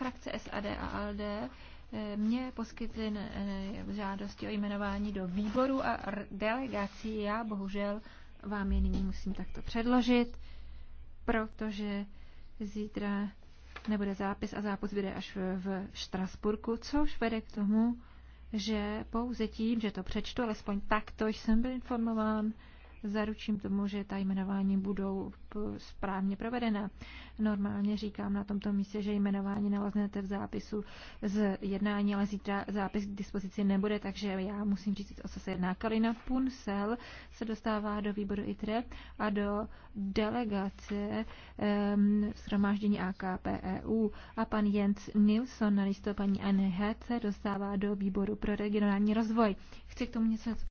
frakce SAD a ALD eh, mě poskytly žádosti o jmenování do výboru a delegací. Já bohužel vám je nyní musím takto předložit, protože zítra nebude zápis a zápis bude až v Štrasburku, což vede k tomu, že pouze tím, že to přečtu, alespoň takto jsem byl informován, zaručím tomu, že ta jmenování budou správně provedena. Normálně říkám na tomto místě, že jmenování naleznete v zápisu z jednání, ale zítra zápis k dispozici nebude, takže já musím říct, o co se jedná. Kalina Punsel se dostává do výboru ITRE a do delegace um, shromáždění AKPEU a pan Jens Nilsson na listopadní paní Anne dostává do výboru pro regionální rozvoj. Chci k tomu něco